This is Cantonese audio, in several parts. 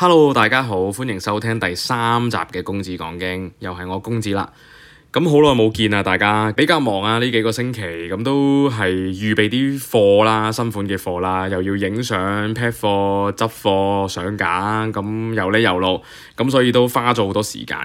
Hello，大家好，歡迎收聽第三集嘅公子講經，又係我公子啦。咁好耐冇見啦，大家比較忙啊，呢幾個星期咁都係預備啲貨啦，新款嘅貨啦，又要影相、pack 貨、執貨、上架，咁又嚟又落，咁所以都花咗好多時間。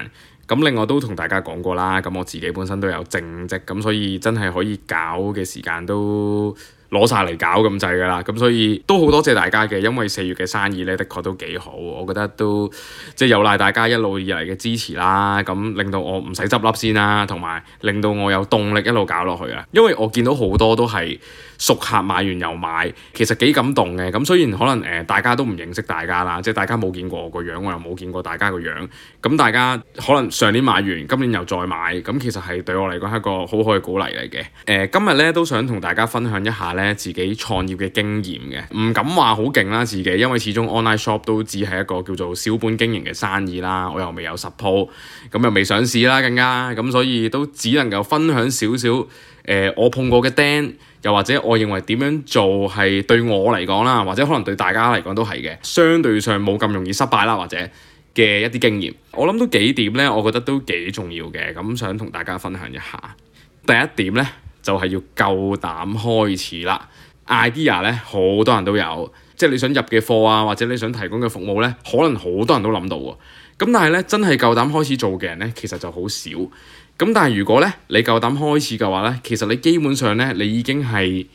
咁另外都同大家講過啦，咁我自己本身都有正職，咁所以真係可以搞嘅時間都攞晒嚟搞咁滯㗎啦，咁所以都好多謝大家嘅，因為四月嘅生意呢，的確都幾好，我覺得都即係有賴大家一路以嚟嘅支持啦，咁令到我唔使執笠先啦，同埋令到我有動力一路搞落去啊，因為我見到好多都係熟客買完又買，其實幾感動嘅，咁雖然可能誒、呃、大家都唔認識大家啦，即係大家冇見過我個樣，我又冇見過大家個樣，咁大家可能上年買完，今年又再買，咁其實係對我嚟講係一個好好嘅鼓勵嚟嘅，誒、呃、今日呢，都想同大家分享一下。咧自己創業嘅經驗嘅，唔敢話好勁啦，自己因為始終 online shop 都只係一個叫做小本經營嘅生意啦，我又未有實鋪，咁又未上市啦更加，咁所以都只能夠分享少少，誒、呃、我碰過嘅釘，又或者我認為點樣做係對我嚟講啦，或者可能對大家嚟講都係嘅，相對上冇咁容易失敗啦，或者嘅一啲經驗，我諗到幾點呢，我覺得都幾重要嘅，咁想同大家分享一下。第一點呢，就係要夠膽開始啦！Idea 咧好多人都有，即係你想入嘅貨啊，或者你想提供嘅服務咧，可能好多人都諗到喎。咁但係咧，真係夠膽開始做嘅人咧，其實就好少。咁但係如果咧你夠膽開始嘅話咧，其實你基本上咧你已經係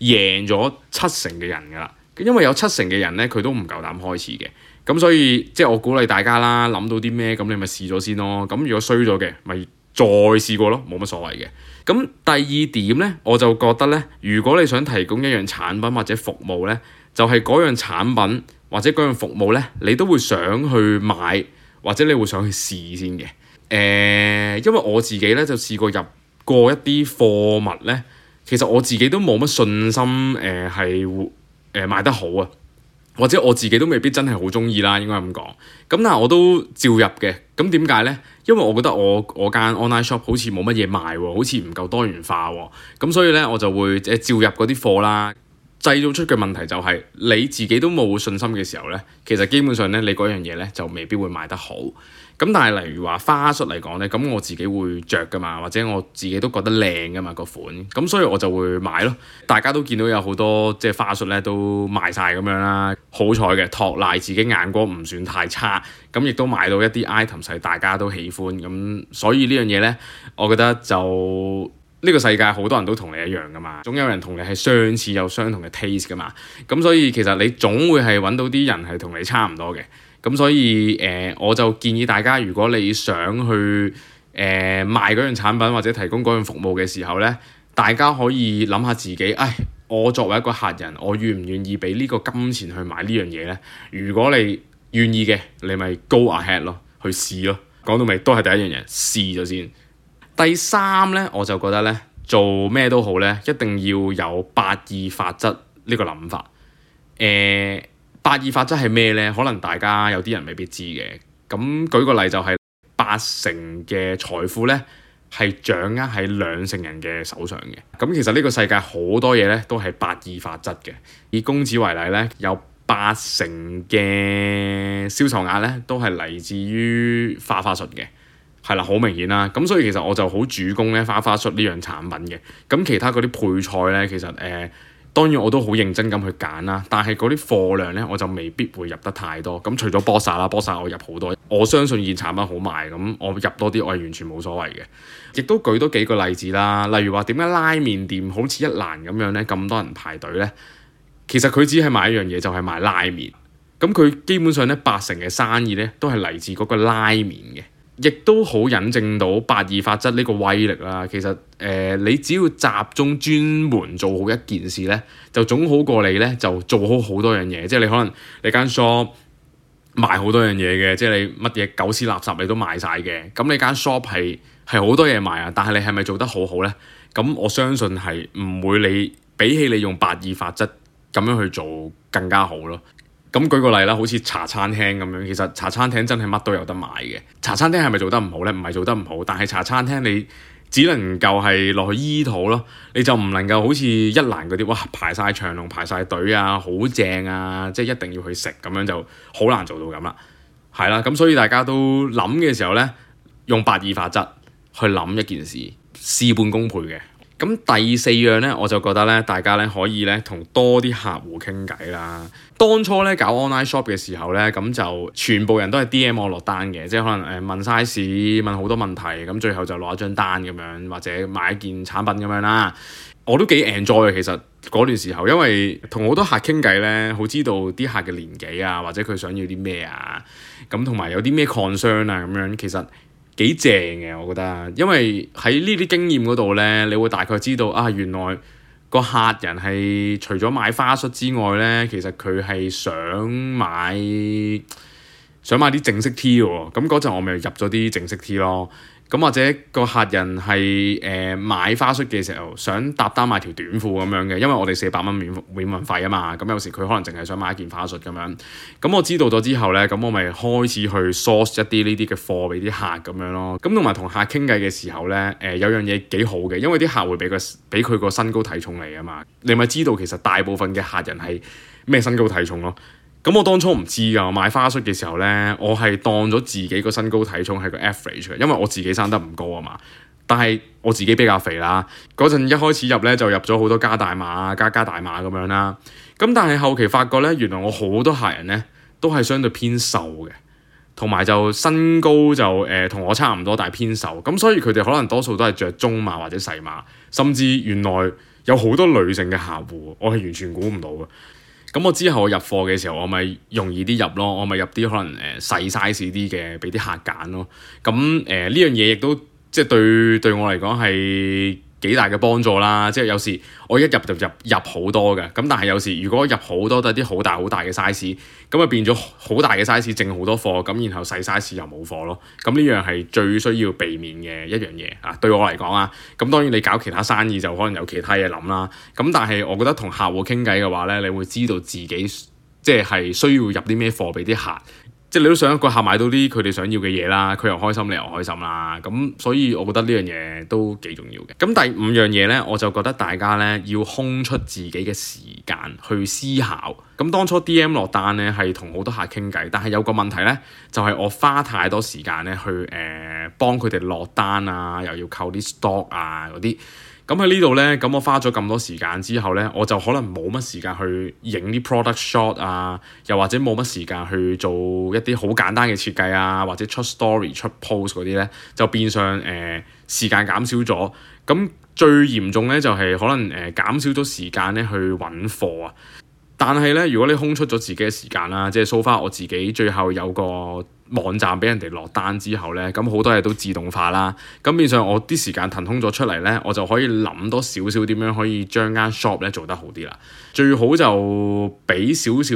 贏咗七成嘅人㗎啦。因為有七成嘅人咧佢都唔夠膽開始嘅。咁所以即係我鼓勵大家啦，諗到啲咩咁你咪試咗先咯。咁如果衰咗嘅咪～再試過咯，冇乜所謂嘅。咁第二點呢，我就覺得呢，如果你想提供一樣產品或者服務呢，就係、是、嗰樣產品或者嗰樣服務呢，你都會想去買或者你會想去試先嘅。誒、呃，因為我自己呢，就試過入過一啲貨物呢，其實我自己都冇乜信心誒係誒賣得好啊。或者我自己都未必真係好鍾意啦，應該咁講。咁但係我都照入嘅。咁點解咧？因為我覺得我我間 online shop 好似冇乜嘢賣喎，好似唔夠多元化喎。咁所以咧，我就會誒照入嗰啲貨啦。製造出嘅問題就係、是、你自己都冇信心嘅時候呢，其實基本上呢，你嗰樣嘢呢，就未必會賣得好。咁但係例如話花束嚟講呢，咁我自己會着噶嘛，或者我自己都覺得靚噶嘛、那個款，咁所以我就會買咯。大家都見到有好多即係花束呢都賣晒咁樣啦，好彩嘅，托賴自己眼光唔算太差，咁亦都買到一啲 item 係大家都喜歡，咁所以呢樣嘢呢，我覺得就。呢個世界好多人都同你一樣噶嘛，總有人同你係相似有相同嘅 taste 噶嘛，咁所以其實你總會係揾到啲人係同你差唔多嘅，咁所以誒、呃，我就建議大家，如果你想去誒、呃、賣嗰樣產品或者提供嗰樣服務嘅時候呢，大家可以諗下自己，唉，我作為一個客人，我願唔願意俾呢個金錢去買呢樣嘢呢？如果你願意嘅，你咪 go ahead 咯，去試咯。講到尾都係第一樣嘢，試咗先。第三呢，我就覺得呢，做咩都好呢，一定要有八二法則呢個諗法。誒、欸，八二法則係咩呢？可能大家有啲人未必知嘅。咁舉個例就係、是、八成嘅財富呢，係掌握喺兩成人嘅手上嘅。咁其實呢個世界好多嘢呢，都係八二法則嘅。以公子為例呢，有八成嘅銷售額呢，都係嚟自於花花術嘅。係啦，好明顯啦。咁所以其實我就好主攻咧，花花叔呢樣產品嘅。咁其他嗰啲配菜咧，其實誒、呃、當然我都好認真咁去揀啦。但係嗰啲貨量咧，我就未必會入得太多。咁除咗波薩啦，波薩我入好多。我相信現產品好賣，咁我入多啲，我係完全冇所謂嘅。亦都舉多幾個例子啦，例如話點解拉麵店好似一蘭咁樣咧，咁多人排隊咧？其實佢只係賣一樣嘢，就係、是、賣拉麵。咁佢基本上咧，八成嘅生意咧都係嚟自嗰個拉麵嘅。亦都好引證到八二法則呢個威力啦。其實誒、呃，你只要集中專門做好一件事咧，就總好過你咧就做好好多樣嘢。即係你可能你間 shop 賣好多樣嘢嘅，即係你乜嘢狗屎垃圾你都賣晒嘅。咁你間 shop 係係好多嘢賣啊，但係你係咪做得好好咧？咁我相信係唔會，你比起你用八二法則咁樣去做更加好咯。咁舉個例啦，好似茶餐廳咁樣，其實茶餐廳真係乜都有得買嘅。茶餐廳係咪做得唔好呢？唔係做得唔好，但係茶餐廳你只能夠係落去醫肚咯，你就唔能夠好似一蘭嗰啲哇排晒長龍排晒隊啊，好正啊，即係一定要去食咁樣就好難做到咁啦。係啦，咁所以大家都諗嘅時候呢，用八二法則去諗一件事，事半功倍嘅。咁第四樣呢，我就覺得呢，大家呢可以呢同多啲客戶傾偈啦。當初呢搞 online shop 嘅時候呢，咁就全部人都係 DM 我落單嘅，即係可能誒問 size、問好多問題，咁最後就攞一張單咁樣，或者買件產品咁樣啦。我都幾 enjoy 其實嗰段時候，因為同好多客傾偈呢，好知道啲客嘅年紀啊，或者佢想要啲咩啊，咁同埋有啲咩 concern 啊咁樣，其實。.幾正嘅，我覺得，因為喺呢啲經驗嗰度咧，你會大概知道啊，原來個客人係除咗買花束之外咧，其實佢係想買想買啲正式 T 嘅喎。咁嗰陣我咪入咗啲正式 T 咯。咁或者個客人係誒、呃、買花恤嘅時候，想搭單買條短褲咁樣嘅，因為我哋四百蚊免免運費啊嘛。咁有時佢可能淨係想買一件花恤咁樣。咁我知道咗之後咧，咁我咪開始去 source 一啲呢啲嘅貨俾啲客咁樣咯。咁同埋同客傾偈嘅時候咧，誒、呃、有樣嘢幾好嘅，因為啲客會俾佢俾佢個身高體重嚟啊嘛。你咪知道其實大部分嘅客人係咩身高體重咯？咁我當初唔知噶，買花恤嘅時候呢，我係當咗自己個身高體重係個 average 嘅，因為我自己生得唔高啊嘛。但係我自己比較肥啦，嗰陣一開始入呢，就入咗好多加大碼、加加大碼咁樣啦。咁但係後期發覺呢，原來我好多客人呢都係相對偏瘦嘅，同埋就身高就誒同、呃、我差唔多，但係偏瘦。咁所以佢哋可能多數都係着中碼或者細碼，甚至原來有好多女性嘅客戶，我係完全估唔到嘅。咁我之後入貨嘅時候，我咪容易啲入咯，我咪入啲可能誒細 size 啲嘅，畀、呃、啲客揀咯。咁誒呢樣嘢亦都即係、就是、對對我嚟講係幾大嘅幫助啦，即係有時我一入就入入好多嘅，咁但係有時如果入好多都係啲好大好大嘅 size，咁啊變咗好大嘅 size 剩好多貨，咁然後細 size 又冇貨咯，咁呢樣係最需要避免嘅一樣嘢啊！對我嚟講啊，咁當然你搞其他生意就可能有其他嘢諗啦，咁但係我覺得同客戶傾偈嘅話呢，你會知道自己即係需要入啲咩貨俾啲客。即係你都想一個客買到啲佢哋想要嘅嘢啦，佢又開心，你又開心啦，咁所以我覺得呢樣嘢都幾重要嘅。咁第五樣嘢呢，我就覺得大家呢要空出自己嘅時間去思考。咁當初 DM 落單呢係同好多客傾偈，但係有個問題呢，就係、是、我花太多時間呢去誒、呃、幫佢哋落單啊，又要購啲 stock 啊嗰啲。咁喺呢度呢，咁我花咗咁多時間之後呢，我就可能冇乜時間去影啲 product shot 啊，又或者冇乜時間去做一啲好簡單嘅設計啊，或者出 story 出 post 嗰啲呢，就變相誒、呃、時間減少咗。咁最嚴重、呃、呢，就係可能誒減少咗時間呢去揾貨啊。但係呢，如果你空出咗自己嘅時間啦，即係 so 翻我自己最後有個網站俾人哋落單之後呢，咁好多嘢都自動化啦。咁變相我啲時間騰空咗出嚟呢，我就可以諗多少少點,點樣可以將間 shop 呢做得好啲啦。最好就俾少少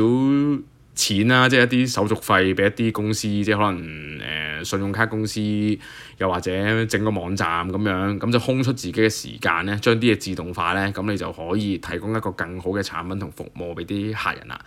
錢啦，即係一啲手續費俾一啲公司，即係可能誒、呃、信用卡公司，又或者整個網站咁樣，咁就空出自己嘅時間呢，將啲嘢自動化呢。咁你就可以提供一個更好嘅產品同服務俾啲客人啦。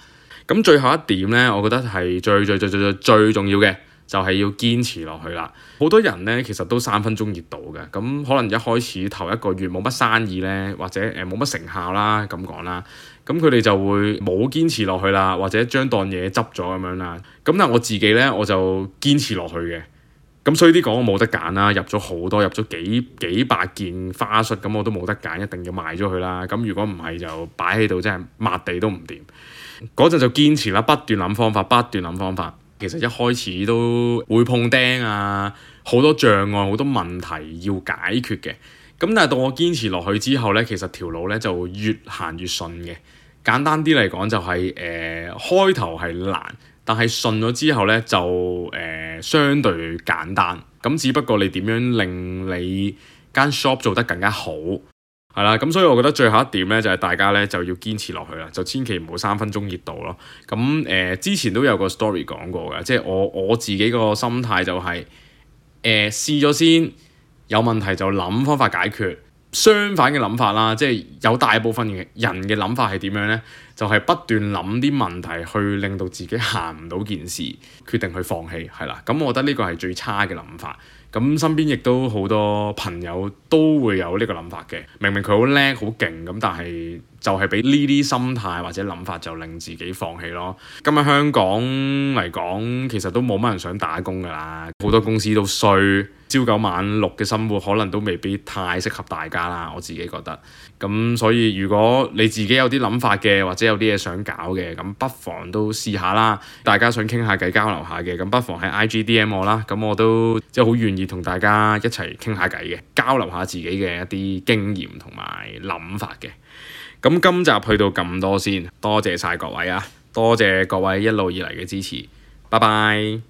咁最後一點呢，我覺得係最最最最最最重要嘅，就係要堅持落去啦。好多人呢，其實都三分鐘熱度嘅，咁可能一開始頭一個月冇乜生意呢，或者誒冇乜成效啦，咁講啦，咁佢哋就會冇堅持落去啦，或者將檔嘢執咗咁樣啦。咁但係我自己呢，我就堅持落去嘅。咁所以啲股我冇得揀啦，入咗好多，入咗幾幾百件花恤，咁我都冇得揀，一定要賣咗佢啦。咁如果唔係就擺喺度，真係抹地都唔掂。嗰陣就堅持啦，不斷諗方法，不斷諗方法。其實一開始都會碰釘啊，好多障礙，好多問題要解決嘅。咁但係到我堅持落去之後呢，其實條路呢就越行越順嘅。簡單啲嚟講就係、是，誒、呃，開頭係難。但係順咗之後呢，就誒、呃、相對簡單。咁只不過你點樣令你間 shop 做得更加好，係啦。咁所以我覺得最後一點呢，就係、是、大家呢就要堅持落去啦，就千祈唔好三分鐘熱度咯。咁誒、呃、之前都有個 story 講過嘅，即、就、係、是、我我自己個心態就係、是、誒、呃、試咗先，有問題就諗方法解決。相反嘅諗法啦，即係有大部分嘅人嘅諗法係點樣呢？就係不斷諗啲問題，去令到自己行唔到件事，決定去放棄，係啦。咁我覺得呢個係最差嘅諗法。咁身邊亦都好多朋友都會有呢個諗法嘅。明明佢好叻好勁，咁但係。就係俾呢啲心態或者諗法，就令自己放棄咯。今日香港嚟講，其實都冇乜人想打工噶啦，好多公司都衰，朝九晚六嘅生活可能都未必太適合大家啦。我自己覺得咁，所以如果你自己有啲諗法嘅，或者有啲嘢想搞嘅，咁不妨都試下啦。大家想傾下偈，交流下嘅，咁不妨喺 IGDM 我啦。咁我都即係好願意同大家一齊傾下偈嘅，交流下自己嘅一啲經驗同埋諗法嘅。咁今集去到咁多先，多謝晒各位啊，多謝各位一路以嚟嘅支持，拜拜。